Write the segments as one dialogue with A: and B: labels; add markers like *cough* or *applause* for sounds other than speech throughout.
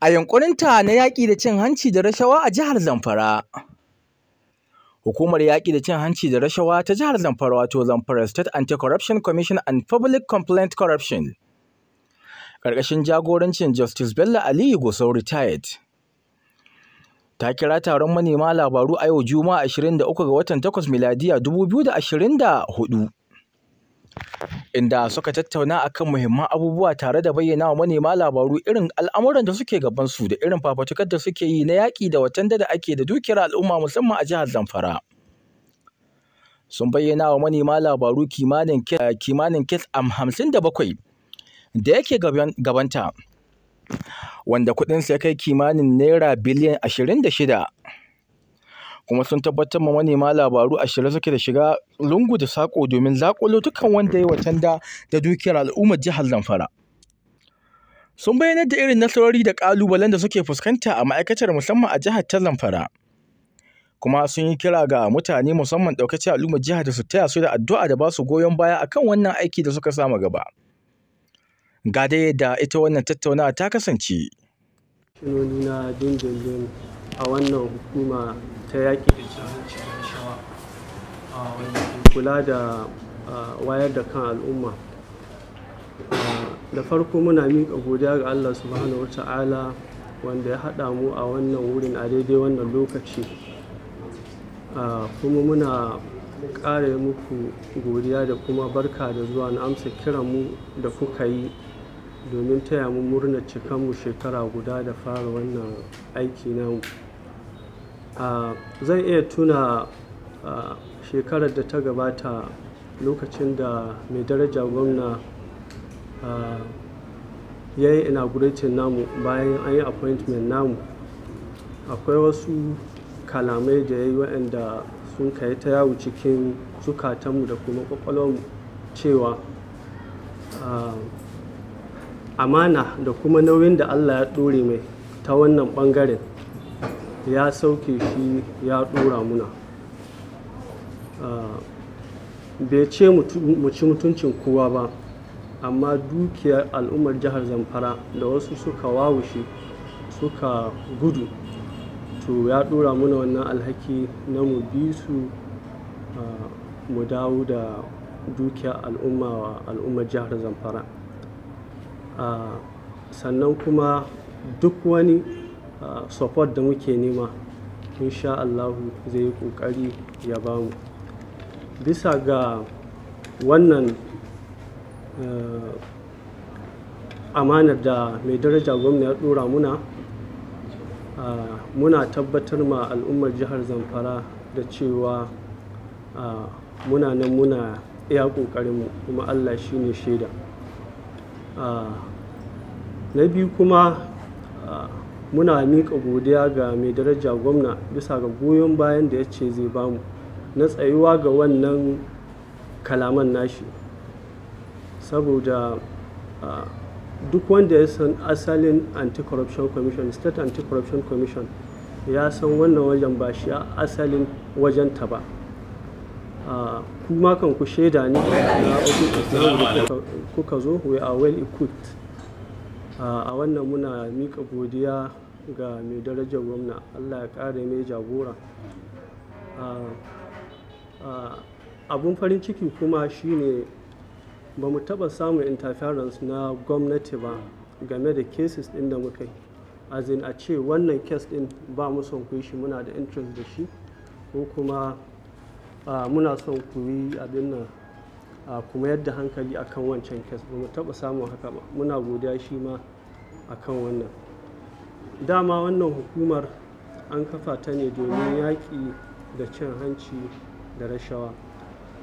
A: a yunƙurinta na yaƙi da cin hanci da rashawa a jihar Zamfara. Hukumar yaƙi da cin hanci da rashawa ta jihar Zamfara wato Zamfara State Anti-Corruption Commission and Public Complaint Corruption. Ƙarƙashin jagorancin Justice Bello Aliyu Gusau retired. Ta kira taron manema labaru a yau Juma'a 23 ga watan 8 miladiya 2024. inda suka tattauna akan muhimman abubuwa tare da bayyana wa manema labaru irin al'amuran da suke gabansu da irin fafatukar da suke yi na yaƙi da watan da ake da dukiyar al'umma musamman a jihar Zamfara. Sun bayyana wa manema labaru kimanin eh, kimanin kes am hamsin da bakwai da yake gabanta, wanda kuɗinsa ya kai kimanin naira biliyan ashirin da shida. kuma sun tabbatar ma manema labaru a shirye suke da shiga lungu da sako domin zakulo dukkan wanda ya watan da da dukiyar al'ummar jihar Zamfara. Sun bayyanar da irin nasarori da kalubalen da suke fuskanta a ma'aikatar musamman a jihar ta Zamfara. Kuma sun yi kira ga mutane musamman ɗaukacin al'ummar jihar da su taya su da addu'a da ba su goyon baya akan wannan aiki da suka samu gaba. Ga da ita wannan tattaunawa ta kasance.
B: a wannan hukuma ta yaƙi da cikin kula da wayar da kan al'umma da farko muna miƙa godiya ga allah subhanahu wata'ala wanda ya haɗa mu a wannan wurin a daidai wannan lokaci kuma muna ƙara muku godiya da kuma barka da zuwa na amsa kiran mu da kuka yi domin taya mu murnar cikanmu shekara guda da fara wannan aiki namu zan iya tuna shekarar da ta gabata lokacin da mai daraja gwamna ya yi inaugurating namu bayan an yi appointment namu akwai wasu kalamai da ya yi waɗanda sun kai ta yawo cikin zukatanmu da kuma kwakwalwarmu cewa amana da kuma nauyin da allah ya ɗore mai ta wannan ɓangaren ya sauke shi ya ɗora muna ah, bai ce mu ci mutuncin kowa ba amma dukiyar al'ummar jihar zamfara da wasu suka wawushe suka gudu to ya ɗora muna wannan alhaki na mu bi su ah, mu dawo da dukiyar al'umma wa al'ummar jihar zamfara ah, sannan kuma duk wani support da muke nema insha Allahu zai yi ƙoƙari ya bamu bisa ga wannan eh, amanar da mai daraja gwamna ya ɗora muna muna tabbatar ma al'ummar jihar zamfara da cewa muna nan muna iya ƙoƙarinmu kuma allah shi ne shaida na biyu kuma muna miƙa godiya ga mai daraja gwamna bisa ga goyon bayan da ya ce zai bamu na tsayuwa ga wannan kalaman nashi saboda duk wanda ya san asalin anti-corruption commission state anti-corruption commission ya san wannan wajen ba shi asalin wajen ta ba kuma kan ku shaida ne na kuka zo we are well equipped a wannan muna mika godiya ga mai darajar gwamna allah ya ƙara mai jagora abun farin ciki kuma shine ba mu taɓa samun interference na gwamnati ba game da cases ɗin da muka yi azin a ce wannan kes ɗin ba mu son ku shi muna da interest da shi ko kuma muna son ku yi abin nan kuma yadda da hankali akan wancan kes ba mu taɓa samun haka ba muna godiya shi ma akan wannan dama wannan hukumar an kafa ta ne domin yaƙi da cin hanci da rashawa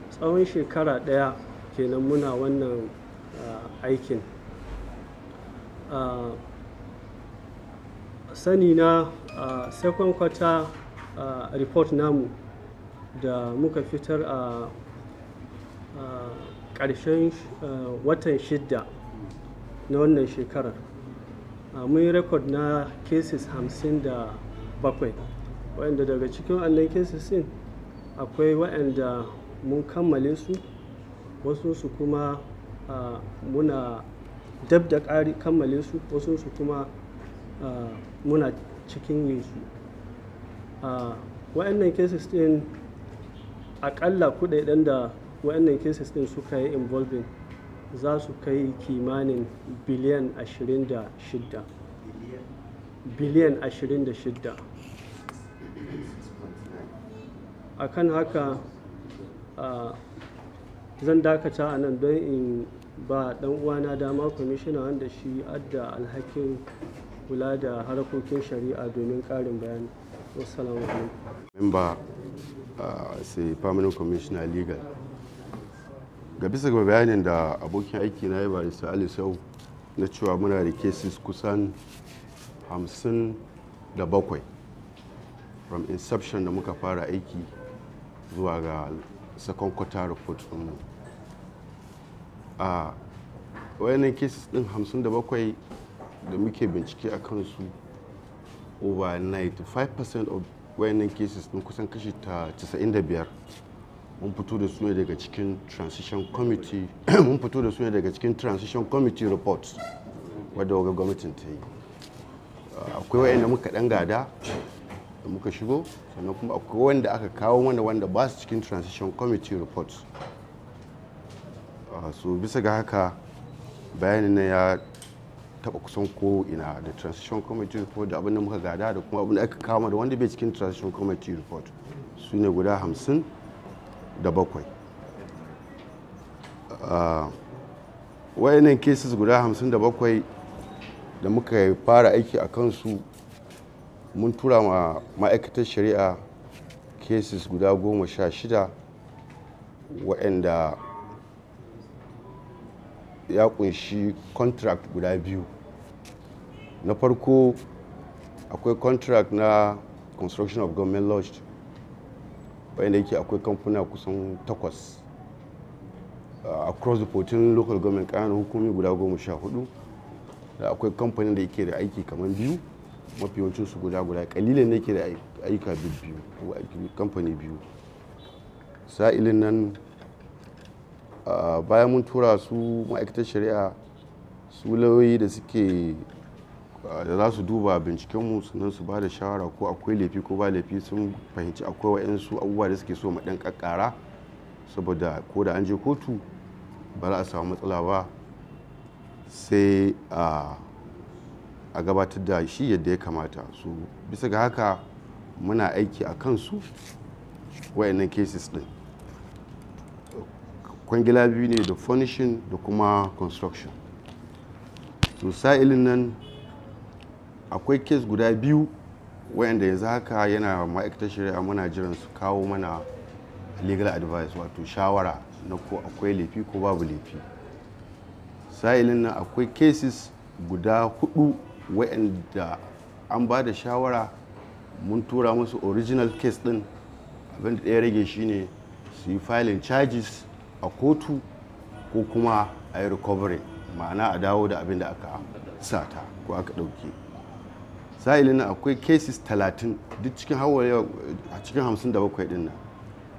B: tsawon shekara ɗaya kenan muna wannan aikin sani na second quarter report namu da muka fitar a ƙarshen eh, watan shidda na wannan shekarar ah, mun yi rekod na cases 57 waɗanda daga cikin wannan cases din akwai waɗanda mun kammale su wasu su kuma ah, muna dab da ƙari kammale su wasu su kuma ah, muna cikin yin su wa'annan cases din aƙalla kuɗaɗen da waɗannan cases din suka yi involving za su kai kimanin biliyan 26 biliyan 26 kan haka zan dakata a nan don in ba dan uwana dama kwamishina wanda shi adda alhakin kula da harkokin shari'a domin karin bayani wasu alaikum
C: member uh, permanent commissioner legal ga bisa ga bayanin da abokin aiki na ya barista ali sau na cewa muna da cases kusan 57 from inception da muka fara aiki zuwa ga second quarter report ɗinmu a wayannan cases ɗin 57 da muke bincike a kansu over 95% of wayannan cases ɗin kusan kashi ta 95 mun fito da su ne daga cikin transition committee *clears throat* mun fito da su ne daga cikin transition committee reports wadda waga gwamnatin ta yi akwai wayanda muka dan gada da muka shigo sannan kuma akwai wanda aka kawo wanda wanda ba su cikin transition committee reports ah, so bisa ga haka bayanin na ya taba kusan ko ina da transition committee report da abin da muka gada da kuma abin da aka kawo da wanda bai cikin transition committee report su ne guda hamsin da bakwai ah, wayannan cases guda hamsin da bakwai da muka fara aiki a kansu mun tura ma ma'aikatar shari'a cases guda goma sha shida waɗanda ya kunshi contract guda biyu na farko akwai contract na construction of government lodge wanda yake akwai kamfuna kusan takwas across the 14 local government ƙananan hukumi guda goma sha hudu da akwai kamfanin da yake da aiki kamar biyu mafi yawancin su guda guda kalilin ne ke da aika biyu kamfani biyu sa'ilin nan bayan mun tura su ma'aikatar shari'a su lauyoyi da suke Ah, da za su duba bincikenmu sannan su ba da shawara ko akwai laifi ko ba laifi sun fahimci akwai wa'yansu abubuwa da suke so ma ɗan ƙaƙƙara saboda ko da an je kotu ba za a samu matsala ba sai ah, a gabatar da shi yadda ya kamata su bisa ga haka muna aiki a kansu wa'annan cases ɗin kwangila biyu ne da furnishing da kuma construction sosai sa'ilin nan akwai kes guda biyu wayanda yanzu haka yana ma'aikatar shari'a muna jiran su kawo mana legal advice wato shawara na ko akwai laifi ko babu laifi sa'ilin nan akwai cases guda hudu wayanda an ba da shawara mun tura musu original case din abinda ɗaya rage shine su yi filing charges a kotu ko kuma a yi recovery ma'ana a dawo da abin da aka sata ko aka ɗauke na akwai cases 30 duk cikin a cikin 57 din nan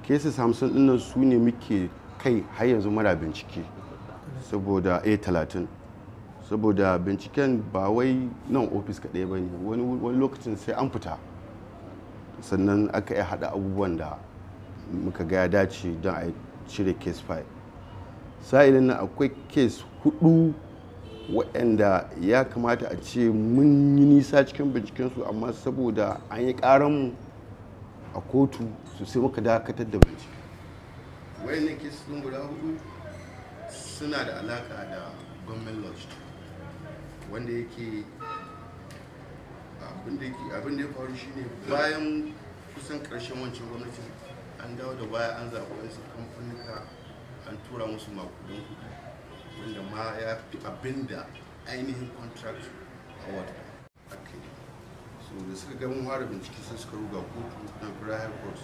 C: cases 50 din nan su ne muke kai har yanzu mara bincike saboda eh, a 30 saboda binciken ba wai nan ofis kaɗai ba ne wani lokacin sai an fita sannan aka yi haɗa abubuwan da muka ga ya dace don a cire case 5 sa'ilin nan akwai case hudu waɗanda ya kamata a ce mun yi nisa cikin bincikensu amma saboda an yi mu a kotu su sai muka dakatar da bincike wayannan sun guda hudu suna da alaka da gwamnan lodge wanda yake abin ya faru shine bayan kusan karshen wancan gwamnati an dawo da baya an zaɓi wasu kamfanika an tura musu makudin kuɗi wanda ma ya fi abin da ainihin contract award aka so da suka ga mun fara bincike sun suka ruga kotu na prior court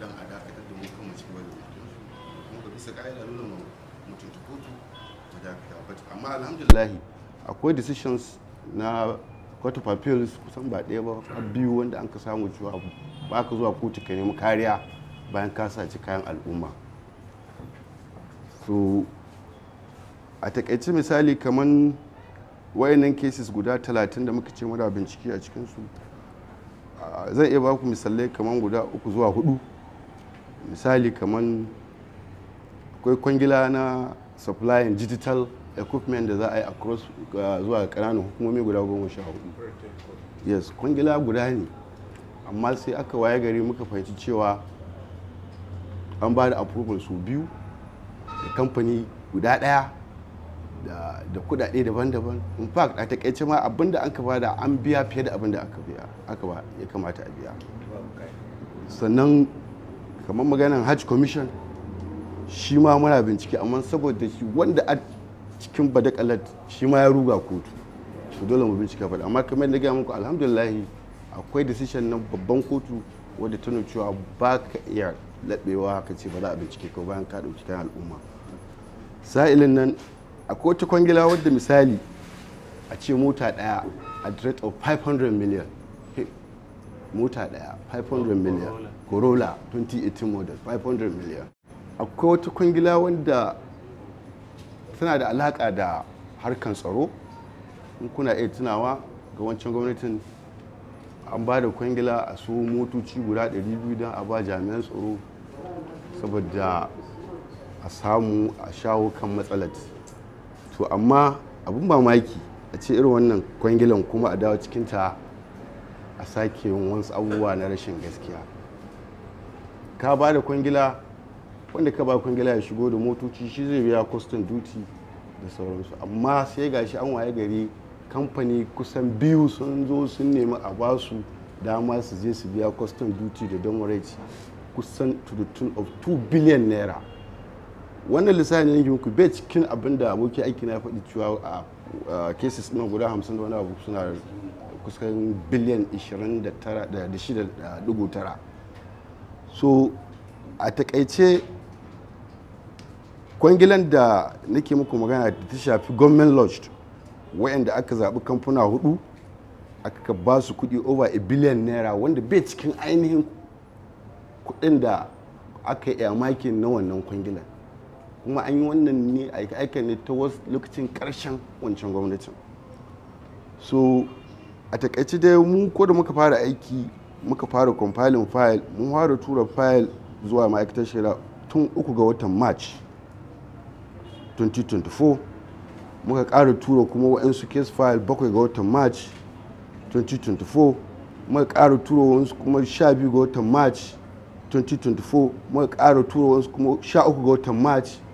C: don a dakatar da mun kama cikin wajen mutum kuma ga bisa ka'ida nuna mu mutum ta kotu mu dakata but amma alhamdulillah akwai decisions na court of appeals kusan ba ɗaya ba a biyu wanda an ka samu cewa ba ka zuwa kotu ka nemi kariya bayan ka saci kayan al'umma so a takaice misali kamar wayannan cases guda 30 da muka ce muna bincike a cikinsu zan iya baku misalai kamar guda uku zuwa hudu misali kamar akwai kwangila na supplying digital equipment da za a yi across zuwa kananan hukumomi guda goma sha hudu yes kwangila guda ne amma sai aka waye gari muka fahimci cewa an ba da approval su biyu da kamfani guda ɗaya da kudade daban-daban in fact a takaice ma abin da an ka bada an biya fiye da abinda da aka biya aka ba ya kamata a biya sannan kamar maganin hajj commission shi ma muna bincike amma saboda shi wanda a cikin badakalat shi ma ya ruga kotu to dole mu bincika fada amma kamar yadda gaya muku alhamdulillah akwai decision na babban kotu wadda ta cewa ba ka iya laɓewa ka ce ba za a bincike ko bayan ka ɗauki kayan al'umma sa'ilin nan a kowace kwangila wadda misali a ce mota daya a rate of 500 million mota daya 500 million corolla 2018 model 500 million akwai wata kwangila wadda tana da alaka da harkan tsaro in kuna iya tunawa ga wancan gwamnatin an ba da kwangila a su motoci guda 200 don a ba jami'an tsaro saboda a samu a shawo kan matsalar to amma abin mamaki a ce irin wannan kwangilan kuma a dawo cikinta a sake yin wasu abubuwa na rashin gaskiya ka ba da kwangila wanda ka ba kwangila ya shigo da motoci shi zai biya custom duty da sauransu amma sai gashi an waye gari kamfani kusan biyu sun zo sun nemi a ba su dama su je su biya custom duty da demurrage kusan to the tune of 2 billion naira wannan lissafin yanki muku bai cikin abin da aboki aiki na faɗi cewa a cases ɗin guda hamsin da wani abu suna kusan biliyan 29.9 so a takaice kwangilan da nake muku magana da ta shafi government lodged wayanda aka zaɓi kamfuna hudu aka ba su kuɗi over a billion naira wanda bai cikin ainihin kuɗin da aka yi makin na wannan kwangilan kuma an yi wannan ne aika ne ta wasu lokacin karshen wancan gwamnatin so a takaice dai mu ko da muka fara aiki muka fara compiling file mun fara tura file zuwa ma'aikatar shari'a tun uku ga watan march 2024 muka ƙara tura kuma wa'ansu case file bakwai ga watan march 2024 muka ƙara tura wa'ansu kuma 12 ga watan march 2024 muka ƙara tura wa'ansu kuma 13 ga watan march 2024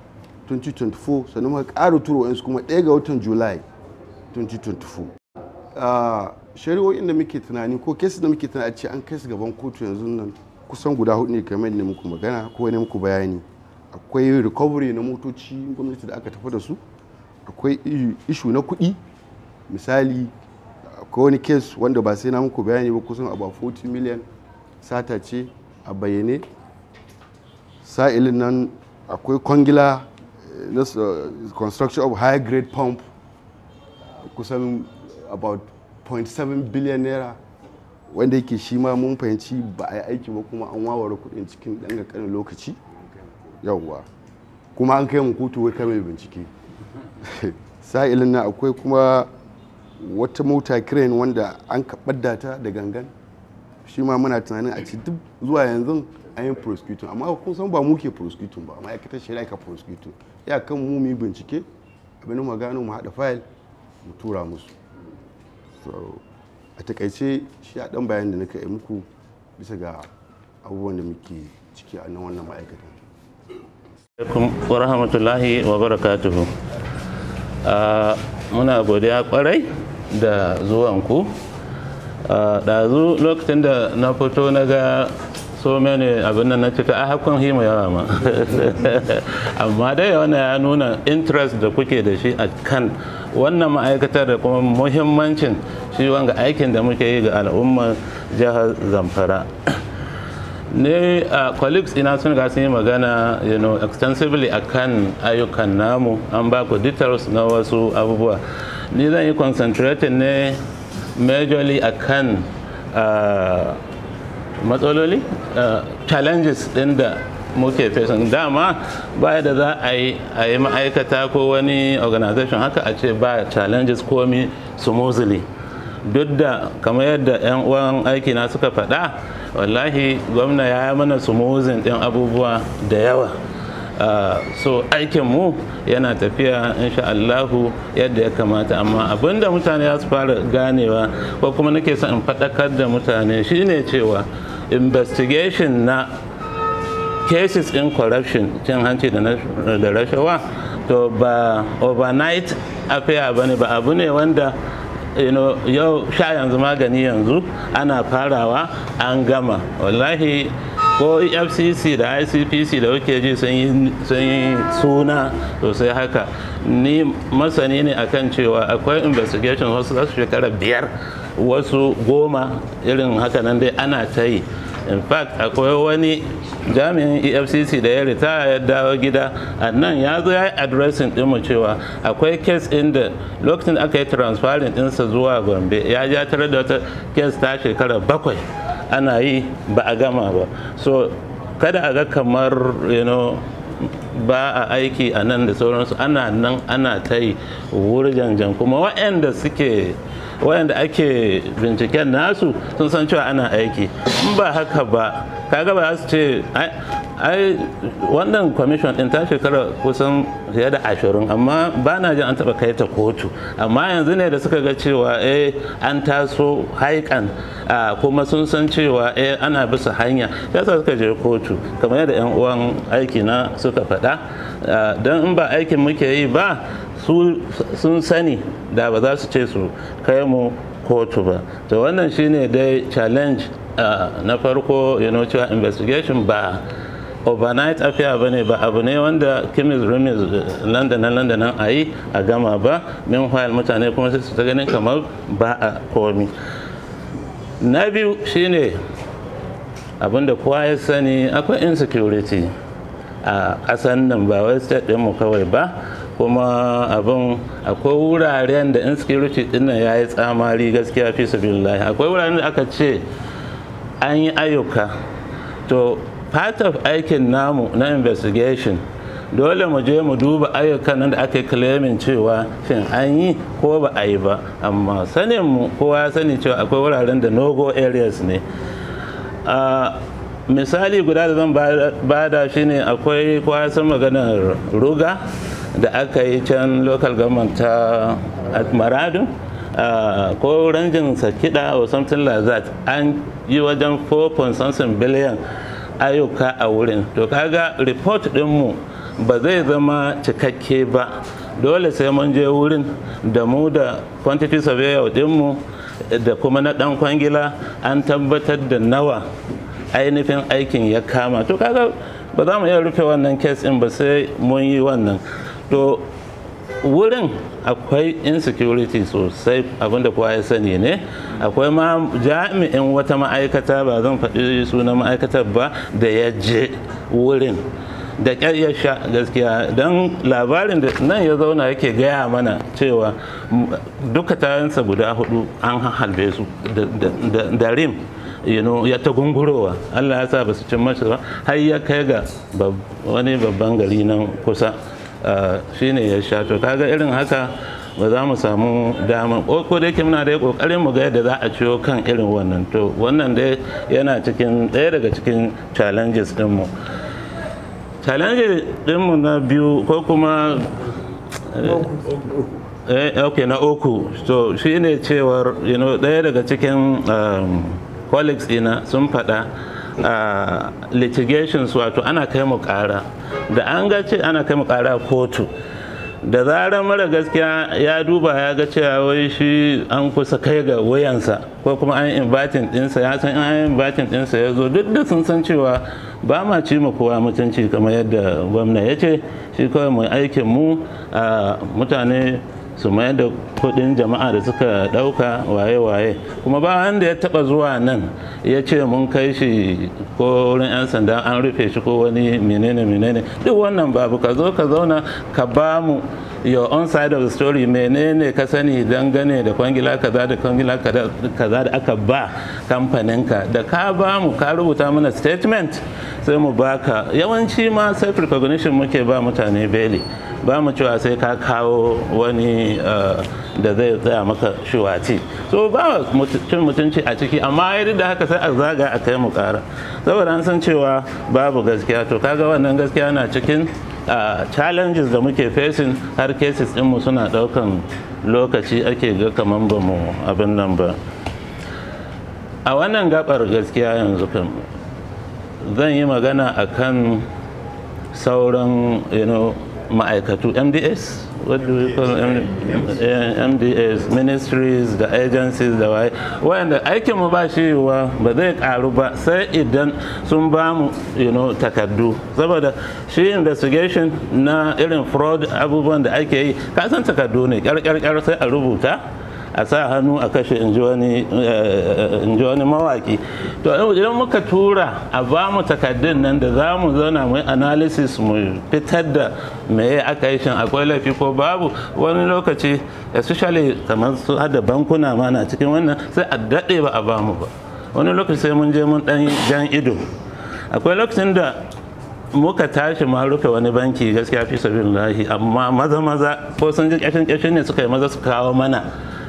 C: 2024 sannan muka ƙara turo wa'insu kuma ɗaya ga watan july 2024 ah, shari'o'in da muke tunani ko kesis da muke tunani a ce an kai su gaban kotu yanzu nan kusan guda hudu ne kamar da muku magana ko ne muku bayani akwai recovery na motoci gwamnati da aka tafi da su akwai ishu na kuɗi misali akwai wani kes wanda ba sai na muku bayani ba kusan a 40 million sata ce a bayyane sa'ilin nan akwai kwangila Uh, construction of high grade pump kusan about 0.7 billion naira wanda yake shi ma mun fahimci ba a yi aiki ba kuma an wawara kudin cikin dan kankanin lokaci yawwa kuma an kai mu kotu wai kame bincike *laughs* sa'ilin na akwai kuma wata mota crane wanda an kaɓar ta da gangan shi ma muna tunanin a ci duk zuwa yanzu an yi prosecuting amma kun san ba muke prosecuting ba ma'aikatar shari'a ka prosecuting ya kan mu mu bincike abin mu gano mu haɗa fayil mu tura musu a takaice shi a ɗan bayan da na yi muku bisa ga abubuwan da muke ciki a nan wannan ma'aikatan
D: wa rahmatullahi wa barakatuhu muna godiya kwarai da zuwanku ɗazu lokacin da na fito na ga so mene abin nan na cika a hakun hima yawa ma *laughs* amma dai wannan ya nuna interest da kuke da shi a kan wannan ma'aikatar da kuma muhimmancin shi wanga aikin da muke yi ga al'ummar jihar zamfara ne a colleagues ina sun ga sun yi magana you know extensively a kan ayyukan namu an ba ku details na wasu abubuwa ni zan yi concentrating ne majorly a uh, matsaloli uh, challenges ɗin da muke fesin dama baya da za a yi a yi ma'aikata ko wani organization haka a ce ba challenges komi smoothly duk da kamar yadda 'yan uwan aiki na suka faɗa wallahi gwamna ya yi mana smoothing ɗin abubuwa da yawa uh, so aikin mu yana tafiya insha Allahu yadda ya kamata amma abinda mutane ya su fara ganewa ko kuma nake son in faɗakar da mutane shine cewa investigation na cases in corruption cin hanci da rashawa to ba overnight affair ba ne ba abu ne wanda yau sha yanzu magani yanzu ana farawa an gama wallahi ko fcc da icpc da kuke ji sun yi suna sosai haka ni masani ne akan cewa akwai investigation wasu shekara biyar wasu goma irin haka nan dai ana ta yi in fact akwai wani jami'in efcc da ya ritaya ya dawo gida a nan ya zo ya yi addressing dinmu cewa akwai kes da lokacin aka yi transferin dinsa zuwa gombe ya ja tare da wata kes ta shekara bakwai ana yi ba a gama ba so kada a ga kamar you know, ba a aiki a nan da sauransu ana nan ana ta yi wurjanjan kuma waɗanda suke waɗanda ake binciken nasu sun san cewa ana aiki in ba haka ba kaga ba su ce ai wannan kwamishin din ta shekara kusan fiye da ashirin amma ba na jin an taɓa kai ta kotu amma yanzu ne da suka ga cewa eh an taso haikan kuma sun san cewa eh ana bisa hanya yasa suka je kotu kamar yadda 'yan uwan aiki na suka faɗa don in ba aikin muke yi ba sun sani da ba za su ce su kai mu kotu ba to wannan shine dai challenge na farko you know cewa investigation ba overnight affair ba ne ba abu ne wanda kimis rimis landanan eh, landanan a yi a gama ba meanwhile mutane kuma sai su ta ganin kamar ba a komi na biyu shine abinda kowa ya sani akwai insecurity a ƙasan nan ba wai state ɗinmu kawai ba kuma abin akwai wuraren da in insecurity dinnan ya yi tsamari gaskiya fi sabilillahi akwai wuraren da aka ce an yi ayyuka to part of aikin namu na investigation dole mu je mu duba ayyukan nan da aka yi claiming cewa fin an yi ko ba a yi ba amma sanin mu kowa ya sani cewa akwai wuraren da nogo go areas ne misali guda da zan bada ne akwai kowa maganar ruga da aka yi can local government ta maradu ko ranjin sakida or something like that an yi wajen 4.7 biliyan billion ayyuka a wurin to kaga report dinmu ba zai zama cikakke ba dole sai mun je wurin da mu da quantity surveyor dinmu da kuma na dan kwangila an tabbatar da nawa ainihin aikin ya kama to kaga ba za mu iya rufe wannan kes in ba sai mun yi wannan to wurin akwai insecurity sosai abinda kowa ya sani ne akwai ma jami'in wata ma'aikata ba zan faɗi suna ma'aikatar ba da ya je wurin da ƙyar sha gaskiya don labarin da nan ya zauna yake gaya mana cewa duka tayansa guda hudu an halbe su da rim ya ta gungurowa allah ya sa ba su cin mashi ba har ya kai ga wani babban gari nan kusa Eh, shine ya sha to kaga irin haka ba za mu samu dama ko da yake muna da kokarin mu ga yadda za a ciyo kan irin wannan to wannan dai yana cikin ɗaya daga cikin challenges dinmu din dinmu na biyu ko kuma eh, eh, ok na uku so shine cewar you know, ɗaya daga cikin colleagues ina sun faɗa Ah, litigations wato ana kai mu kara da an ga ce ana kai mu kara kotu da zarar mara gaskiya ya duba ya ga cewa wai shi an kusa kai ga wayansa ko kuma an inviting dinsa ya san an inviting dinsa ya zo duk da sun san cewa ba ma ci mu kowa mutunci kamar yadda gwamna ya ce shi kawai mu aikin mu ah, mutane su mai da kudin jama'a da suka dauka waye-waye kuma ba wanda ya taba zuwa nan ya ce mun kai shi ko wurin 'yan sanda an rufe shi ko wani menene menene duk wannan babu ka zo ka zauna ka ba mu your own side of the story menene ka sani dangane da kwangila kaza da kwangila kaza da aka ba kamfaninka da ka ba mu ka rubuta mana statement sai mu baka yawanci ma self recognition muke ba mutane beli ba mu cewa sai ka kawo wani eh, da zai tsaya maka shuwaci so ba cin mutunci a ciki amma ya da haka sai a zaga a kai mu kara saboda an san cewa babu gaskiya to kaga wannan gaskiya na cikin challenges da muke facing har cases ɗinmu suna ɗaukan lokaci ake ga kamar ba mu abin nan ba a wannan gabar gaskiya yanzu kan zan yi magana akan sauran ma'aikatu mds what do we call MDAs, ministries, da agencies da waye. Wanda aikin mu ba shi yiwuwa ba zai ƙaru ba sai idan sun bamu you know, takardu. Saboda shi investigation na irin fraud abubuwan da ake yi, kasan takardu ne, kyar sai a rubuta. a sa hannu a kashe eh, in ji wani mawaki to idan muka tura a ba mu takaddun nan da za mu zauna mu analysis mu fitar da me aka yi shin akwai laifi ko babu wani lokaci especially kamar su hada bankuna ma na cikin wannan sai a daɗe ba a ba mu ba wani lokaci sai mun je mun ɗan jan ido akwai lokacin da muka tashi ma rufe wani banki gaskiya fi lahi amma maza maza ko sun ji ƙashin ƙashin ne suka yi maza su kawo mana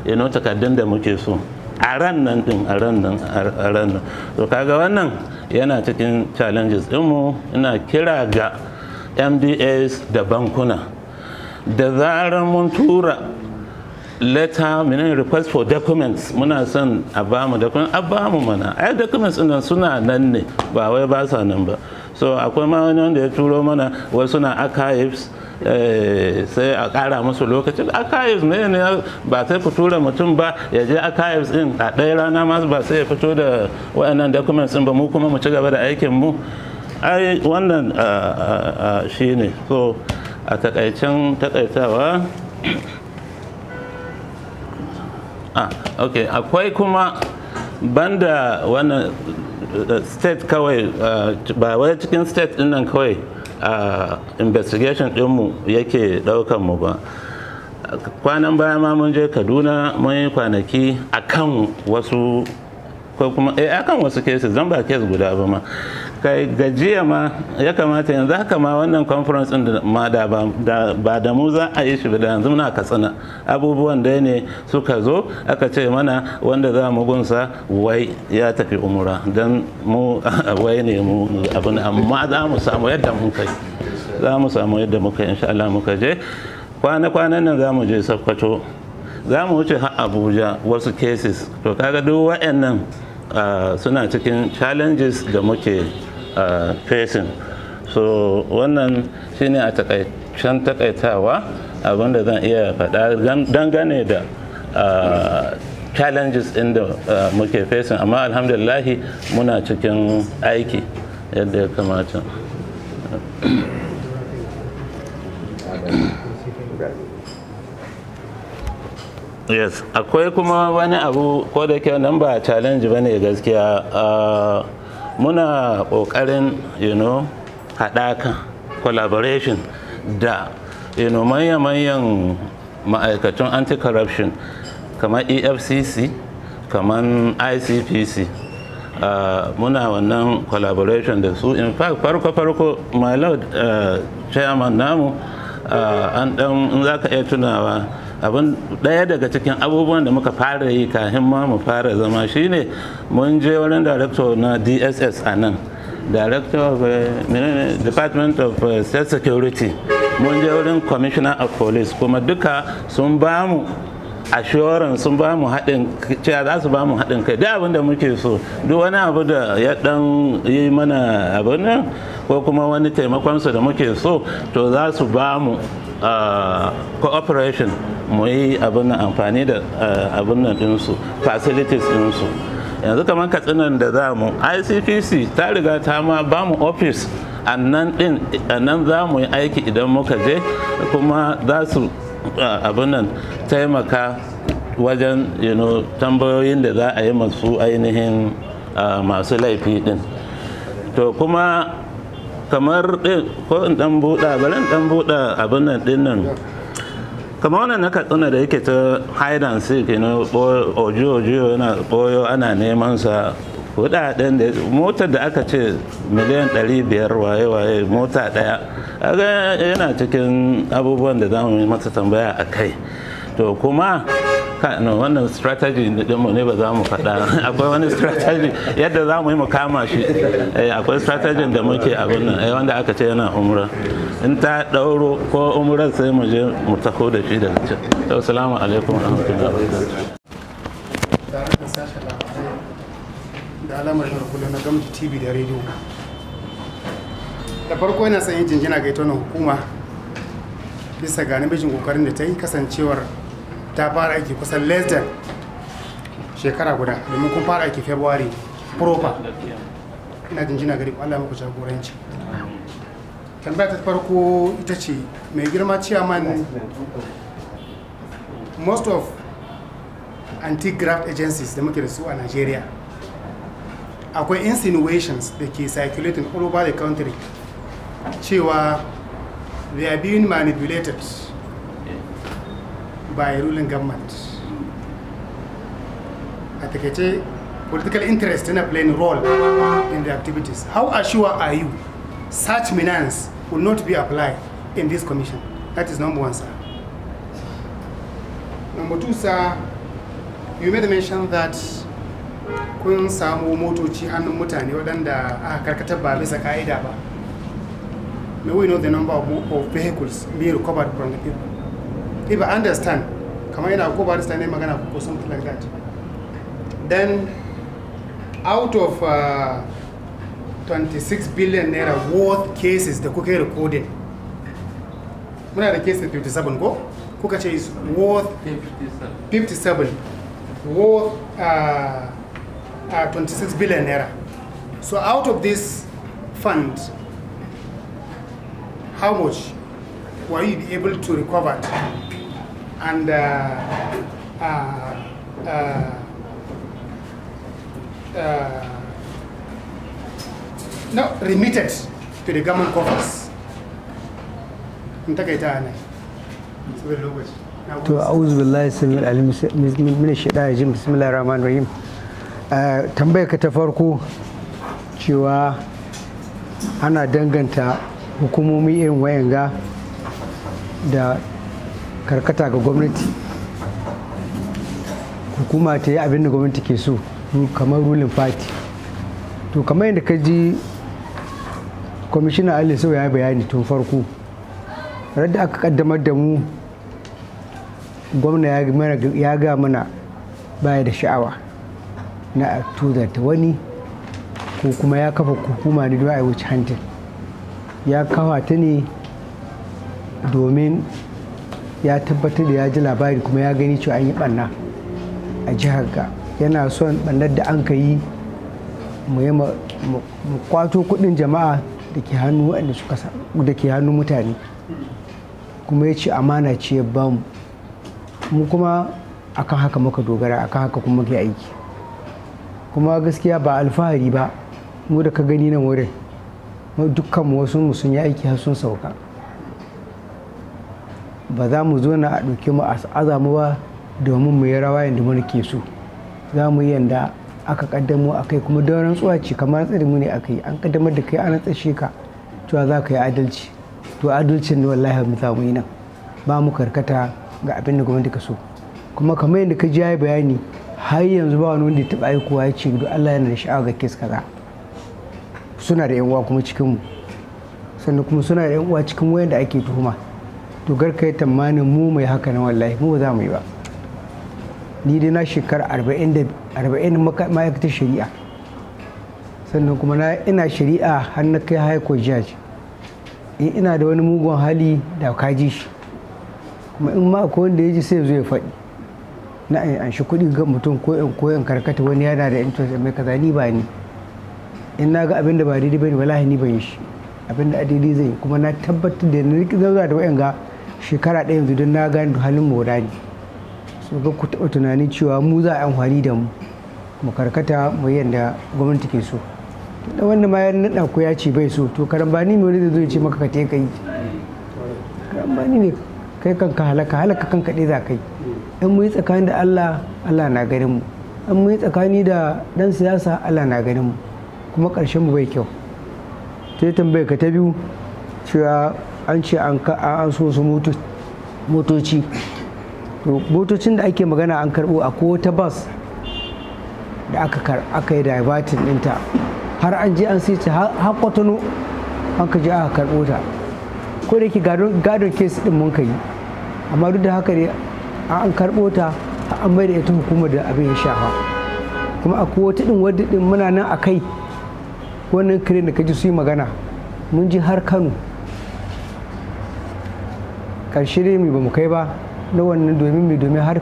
D: ino takardun da muke so a ran nan din a ran nan a ran nan to kaga wannan yana cikin challenges dinmu ina kira ga mdas da bankuna da zarar mun tura letter minin request for documents muna son a ba mu documents a mu mana ai documents din suna nan ne ba wai ba sa nan ba so akwai ma wani wanda ya turo mana wasu na archives Eh, sai a ƙara musu a archives ne ne ba sai fitura mutum ba ya je archives din a ɗaya rana ma ba sai ya fito da waɗannan documents din ba mu kuma mu ci gaba da aikin mu ai wannan shi ne so a takaicen takaitawa a ah, ok akwai kuma banda wannan eh, state kawai eh, ba wai cikin state din nan kawai a investigation dinmu yake daukan mu ba kwanan baya ma mun je kaduna mun yi kwanaki akan wasu ko kuma eh akan wasu cases zan ba case guda ba ma kai gajiya ma ya kamata yanzu haka ma wannan conference din ma da ba da mu za a yi shi ba da yanzu muna katsina abubuwan da ne suka zo aka ce mana wanda za mu gunsa wai ya tafi umura don mu *laughs* wai ne mu abin amma za mu samu yadda mun kai za mu samu yadda muka insha Allah muka je kwana-kwanan nan za mu je sakkwato za mu wuce har abuja wasu cases to kaga duk waɗannan Ah, suna cikin challenges da muke ah, facing so wannan shine a takaicen takaitawa abinda zan iya faɗa dangane da ah, challenges inda muke facing amma alhamdulillahi muna cikin aiki yadda ya kamata yes akwai kuma wani abu ko da ke nan ba challenge ba ne gaskiya ah, muna kokarin you know hadaka collaboration da you know manya-manyan ma'aikacin anti-corruption kamar efcc kamar icpc ah, muna wannan collaboration da su in fact farko-farko my lord ah, chairman namu an dan in za ka iya tunawa abin ɗaya daga cikin abubuwan da muka fara yi kafin ma mu fara zama shine mun je wurin director na dss a nan director of uh, department of uh, state security mun je wurin commissioner of police kuma duka sun ba mu assurance sun ba mu haɗin cewa za su ba mu haɗin kai duk abin da muke so duk wani abu da ya ɗan yi mana abin nan ko kuma wani taimakon su da muke so to za su ba mu Ah, cooperation mu yi abin amfani da ah, abin nan ɗinsu facilities ɗinsu yanzu kamar katsinan da za mu icpc ta riga ta ma ba mu office a nan za mu yi aiki idan muka je kuma za su ah, abin nan taimaka wajen tambayoyin da za a yi masu ainihin masu laifi din to kuma kamar eh, ko in dan buɗa bari in dan buɗa abin nan din nan kamar wannan na katsina da yake ta hide and seek ne ojo ojo yana boyo ana neman sa kudaden da motar da aka ce miliyan 500 waye waye mota daya aga yana cikin abubuwan da zamu yi masa tambaya a kai to kuma no wannan strategy mu ne ba za mu faɗa *laughs* akwai wani strategy yadda za mu yi mu kama shi eh, akwai strategy da muke abin nan eh, wanda aka ce yana umra in ta ɗauro ko umra sai mu je mu taho da shi daga can to assalamu alaikum warahmatullahi wabarakatuh
E: da sashen da alamar na gamji tv da rediyo da farko yana son yin jinjina ga ita wannan hukuma bisa ga namijin kokarin da ta yi kasancewar ta fara aiki kusan less than shekara guda domin kun fara aiki february proper ina jinjina gari Allah muku jagoranci tambaya ta farko ita ce mai girma chairman most of antique graft agencies da muke da su a nigeria akwai insinuations da ke circulating all over the country cewa they are being manipulated by ruling government. A takaice, political interest yana playing a role in the activities. How assured are you such minance will not be applied in this commission? That is number one, sir. Number two, sir, you made mention that kun samu motoci hannun mutane waɗanda a karkatar ba bisa ka'ida ba. May we know the number of vehicles being recovered from the people? if I understand, kamar yana ko ba understand magana ko something like that. Then out of uh, 26 billion naira worth cases da kuka yi recording, muna da cases 57 ko? Kuka ce is worth 57 worth uh, uh, 26 billion naira. So out of this fund, how much were you able to recover uh, And uh, uh, uh, no, remitted to the government coffers.
F: to a'udhu billahi samil alim min shaitani rajim bismillahir rahmanir rahim tambayar ka ta farko cewa ana danganta hukumomi irin wayanga da karkata ga gwamnati hukuma ta yi abin da gwamnati ke so kamar rulin fati to kamar yadda ka ji kwamishina ali sau ya bayani tun farko radda aka kaddamar da mu gwamna ya ga mana baya da sha'awa na tozata wani ko kuma ya kafa hukuma ne don a yi wuce ya kafa ta ne domin ya tabbatar da ya ji labari kuma ya gani cewa an yi ɓanna a jihar ga yana son ɓannar da an ka yi mu kwato kuɗin jama'a da ke hannu mutane kuma ya ce amana ce ya mu kuma akan haka muka dogara akan haka kuma muke aiki kuma gaskiya ba alfahari ba mu da ka gani nan wurin dukkan wasu sun yi aiki har sun sauka ba za mu zo na a ɗauke mu a azamu ba domin mu yi rawa yadda ke so za mu yi yadda aka kaddamo a kai kuma don rantsuwa ce kamar tsari mu ne aka yi an kaddamar da kai an rantsashe ka cewa za ka yi adalci to adalcin ne wallahi mu za mu yi nan ba mu karkata ga abin da gwamnati ka so kuma kamar yadda ka ji ya bayani har yanzu ba wani wanda ya taɓa aikowa ya ce duk Allah yana da sha'awa ga kes kaza suna da yan uwa kuma cikin mu sannan kuma suna da yan uwa cikin wayan da ake tuhuma to garka yi tamanin mu mai haka na wallahi mu ba za mu yi ba ni dai na shekara 40 ma'aikatar shari'a sannan kuma na ina shari'a har na kai high court judge in ina da wani mugun hali da ka ji shi kuma in ma akwai wanda ya ji sai zo ya faɗi na in an shi kuɗi ga mutum ko in koyan karkata wani yana da interest mai kaza ni ba ni in na ga abin da ba daidai ba bane wallahi ni ban yi shi abin da daidai zai kuma na tabbatar da na riƙe zaura da wa'yan ga shekara ɗaya yanzu don na gane halin morani su ga ku taɓa tunanin cewa mu za a yi amfani da mu mu karkata mu yadda gwamnati ke so da wanda ma ya naɗa ko ya ce bai so to karambani ne wani zai ce maka ka ta yi karambani ne kai kanka halaka halaka kanka ɗaya za ka yi in mu yi tsakani da allah allah na ganin mu in mu yi tsakani da ɗan siyasa allah na ganin mu kuma ƙarshen mu bai kyau sai tambaye ka ta biyu cewa an ce an so su motoci motocin da ake magana an karbo a wata bas da aka yi divertin ɗinta har an je an sai ta har an ka je aka karbo ta ko da yake gadon kes ɗin mun yi amma duk da haka ne an karbo ta an mai da ita hukumar da abin ya shafa kuma akwai wata ɗin wadda ɗin muna nan a kai wannan kire da kaji su yi magana mun ji har kano karshe dai ba bamu kai ba na wannan domin mai domin har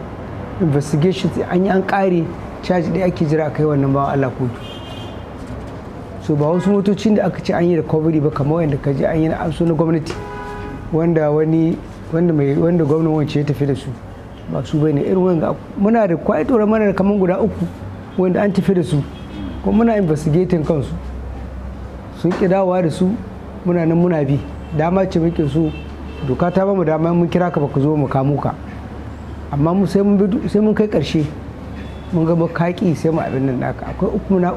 F: investigation an yi an kare caji da ake jira kai wannan bawan Allah kotu so ba wasu motocin da aka ce an yi recovery ba kamar wanda ka ji an yi na na gwamnati wanda wani wanda mai wanda gwamnan wance ya tafi da su ba su bai ne irin wanda muna da kwai tsoron mana da kamar guda uku wanda an tafi da su kuma muna investigating kansu sun ƙi dawowa da su muna nan muna bi dama ce muke so doka ta ba mu dama mun kira ka baka zo mu kamo ka amma mu sai mun kai karshe mun ga makaki sai mu abin nan naka akwai uku na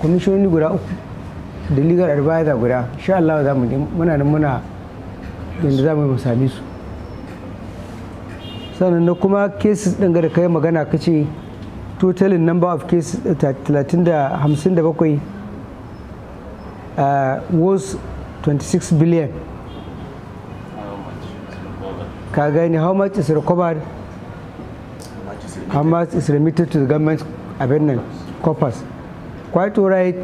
F: kwamishinoni guda uku da legal advisor guda sha Allah za mu muna nan muna yanda za mu same su sannan na kuma cases ɗin da kai magana ka ce totalin number of cases 357 eh, eh, was 26 billion ka gani how much is recovered how much is remitted to the government abin nan corpus quite right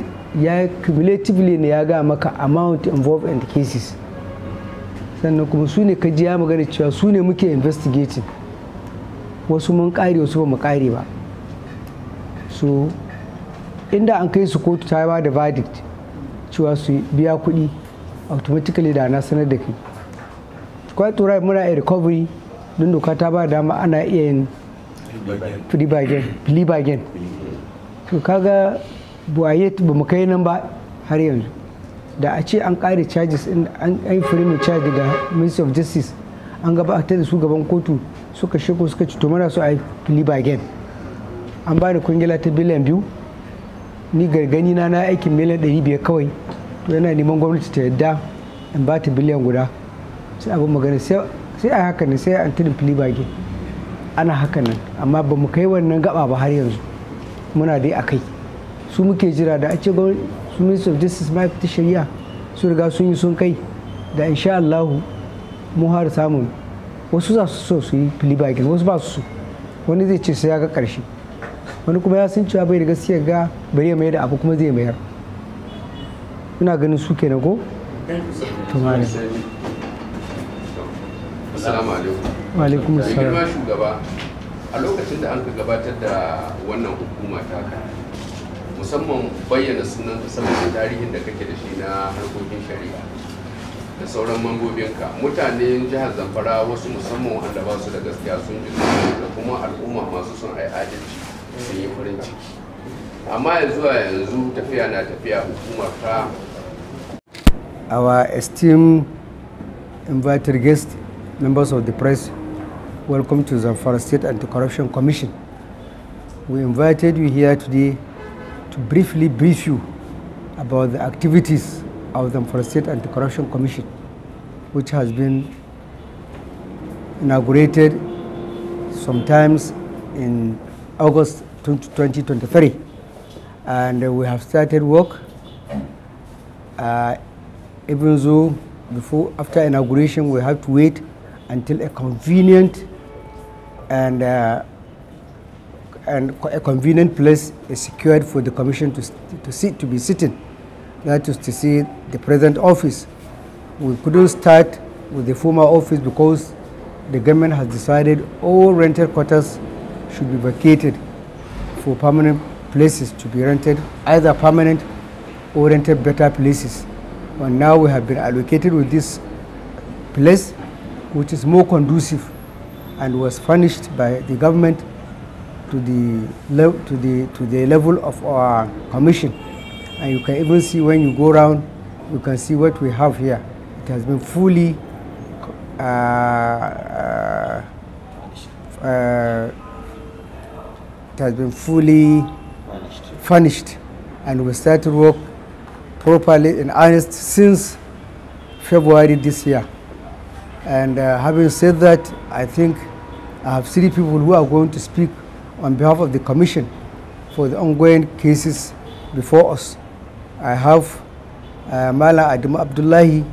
F: ya cumulatively ne ya ga maka amount involved in the cases sannan kuma su ne ka ji ya magana cewa su ne muke investigating wasu mun kare wasu ba mu kare ba so inda an kai su kotu ta ba da verdict cewa su biya kuɗi automatically da na sanar da kai quite right muna a recovery don doka ta ba dama ana iya yin free to kaga buwaye ba mu kai nan ba har yanzu da a ce an kare charges an yi firimin charge daga ministry of justice an gaba a da su gaban kotu suka shigo suka ci to mana su a yi plea an an bani kwangila ta biliyan biyu ni gargani na na aikin miliyan 500 kawai to yana neman gwamnati ta yadda in ba ta biliyan guda sai abin magana sai a haka ne sai an tudin fili bage ana haka nan amma ba mu kai wannan gaba ba har yanzu muna dai a kai su muke jira da a ce su minister of justice ma ta shari'a su riga sun yi sun kai da insha allahu mu har samun wasu za su so su yi fili bage wasu ba su so wani zai ce sai ya ga karshe wani kuma ya san cewa bai da gaskiya ga bari ya mayar da abu kuma zai mayar ina ganin su kenan ko?
C: assalamu alaikum alaikum assalam girma shugaba a lokacin da an ka gabatar da wannan hukuma ta ka musamman bayyana sunan saboda tarihin da kake da shi na harkokin shari'a da sauran mambobinka mutanen jihar zamfara wasu musamman wanda ba su da gaskiya sun ji da kuma al'umma masu son ai adalci sun yi farin ciki amma yanzu a yanzu tafiya na tafiya hukumar ta
F: our esteemed invited guest members of the press, welcome to Zamfara State Anti-Corruption Commission. We invited you here today to briefly brief you about the activities of the Zamfara State Anti-Corruption Commission, which has been inaugurated sometimes in August 2023. And uh, we have started work, uh, even though before after inauguration we have to wait until a convenient and uh, and a convenient place is secured for the commission to, to sit to be sitting that is to see the present office we couldn't start with the former office because the government has decided all rented quarters should be vacated for permanent places to be rented either permanent or rented better places and now we have been allocated with this place which is more conducive and was furnished by the government to the, to the, to the level of our commission. And you can even see when you go around, you can see what we have here. It has been fully uh, uh, it has been fully furnished. furnished and we started work properly in earnest since February this year. And uh, having said that, I think I have three people who are going to speak on behalf of the Commission for the ongoing cases before us. I have uh, Mala Adam Abdullahi,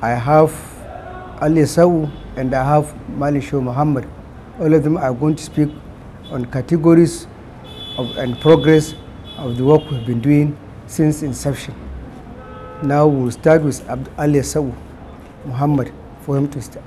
F: I have Ali Sawu, and I have Mali Show Muhammad. All of them are going to speak on categories of, and progress of the work we've been doing since inception. Now we'll start with Ali Sawu Muhammad poem twister.